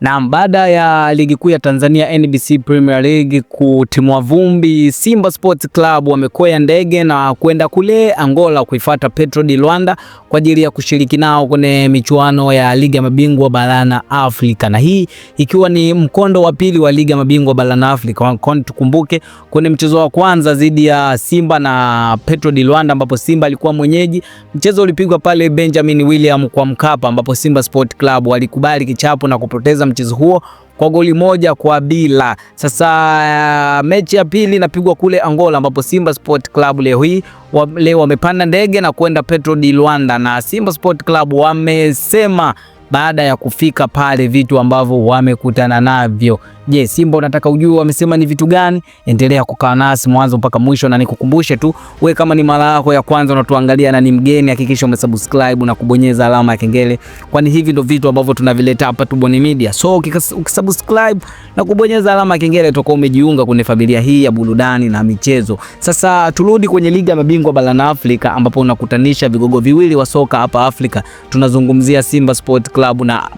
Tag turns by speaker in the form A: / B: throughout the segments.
A: Naam, baada ya ligi kuu ya Tanzania NBC Premier League kutimwa vumbi, Simba Sports Club wamekoya ndege na kwenda kule Angola kuifata Petro di Luanda kwa ajili ya kushiriki nao kwenye michuano ya ligi ya mabingwa barani Afrika, na hii ikiwa ni mkondo wa pili wa ligi ya mabingwa barani Afrika. Tukumbuke kwenye mchezo wa kwanza dhidi ya Simba na Petro di Luanda, ambapo Simba alikuwa mwenyeji, mchezo ulipigwa pale Benjamin William kwa Mkapa, ambapo Simba Sports Club walikubali kichapo na kupoteza kumaliza mchezo huo kwa goli moja kwa bila. Sasa uh, mechi ya pili inapigwa kule Angola ambapo Simba Sport Club leo hii wa, leo wamepanda ndege na kwenda Petro di Luanda na Simba Sport Club wamesema baada ya kufika pale, vitu ambavyo wamekutana navyo. Je, yes, Simba unataka ujue wamesema ni vitu gani? Endelea kukaa nasi mwanzo mpaka mwisho, na nikukumbushe tu, we kama ni mara yako ya kwanza unatuangalia na ni mgeni, hakikisha umesubscribe na kubonyeza alama ya kengele, kwani hivi ndio vitu ambavyo tunavileta hapa Tubone Media. So ukisubscribe na kubonyeza alama ya kengele, utakuwa umejiunga kwenye familia hii ya burudani na michezo. Sasa turudi kwenye ligi ya mabingwa barani Afrika ambapo unakutanisha vigogo viwili wa soka hapa Afrika. Tunazungumzia Simba Sport klabu na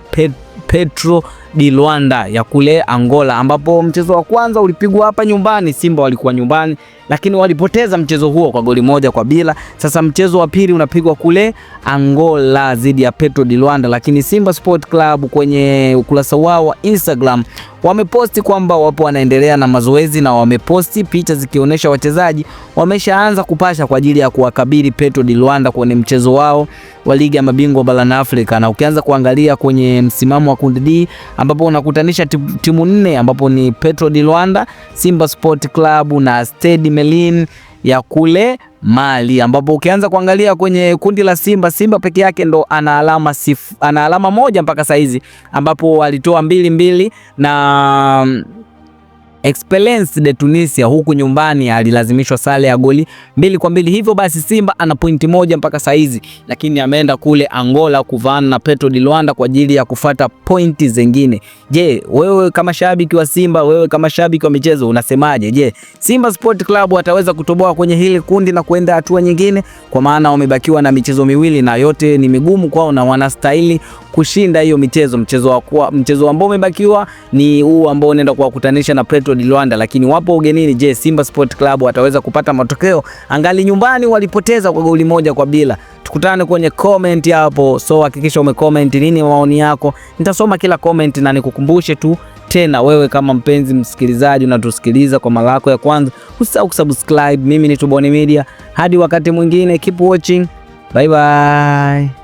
A: Pedro di Luanda ya kule Angola, ambapo mchezo wa kwanza ulipigwa hapa nyumbani. Simba walikuwa nyumbani, lakini walipoteza mchezo huo kwa goli moja kwa bila. Sasa mchezo wa pili unapigwa kule Angola dhidi ya Petro di Luanda, lakini Simba Sport Club kwenye ukurasa wao wa Instagram wameposti kwamba wapo wanaendelea na mazoezi na wameposti picha zikionyesha wachezaji wameshaanza kupasha kwa ajili ya kuwakabili Petro di Luanda kwenye mchezo wao wa ligi ya mabingwa barani Afrika. Na ukianza kuangalia kwenye msimamo wa kundi D ambapo unakutanisha timu nne ambapo ni Petro di Luanda, Simba Sport Club na Stade Melin ya kule Mali, ambapo ukianza kuangalia kwenye kundi la Simba, Simba peke yake ndo ana alama sifu, ana alama moja mpaka saizi ambapo walitoa mbili mbili na Esperance de Tunisia huku nyumbani alilazimishwa sare ya goli mbili kwa mbili. Hivyo basi Simba ana pointi moja mpaka saizi, lakini ameenda kule Angola kuvaana na Petro di Luanda kwa ajili ya kufata pointi zingine. Je, wewe kama shabiki wa Simba, wewe kama shabiki wa michezo unasemaje? Je, Simba Sport Club wataweza kutoboa kwenye hili kundi na kuenda hatua nyingine? Kwa maana wamebakiwa na michezo miwili na yote ni migumu kwao na wanastahili kushinda hiyo michezo. Mchezo wa mchezo ambao umebakiwa ni huu ambao unaenda kuwakutanisha na Petro di Luanda, lakini wapo ugenini. Je, Simba Sport Club wataweza kupata matokeo? Angali nyumbani walipoteza kwa goli moja kwa bila. Tukutane kwenye comment hapo, so hakikisha umecomment nini maoni yako, nitasoma kila comment na nikukumbushe tu tena wewe kama mpenzi msikilizaji unatusikiliza kwa mara yako ya kwanza, usisahau kusubscribe. Mimi ni Tubone Media, hadi wakati mwingine, keep watching, bye bye.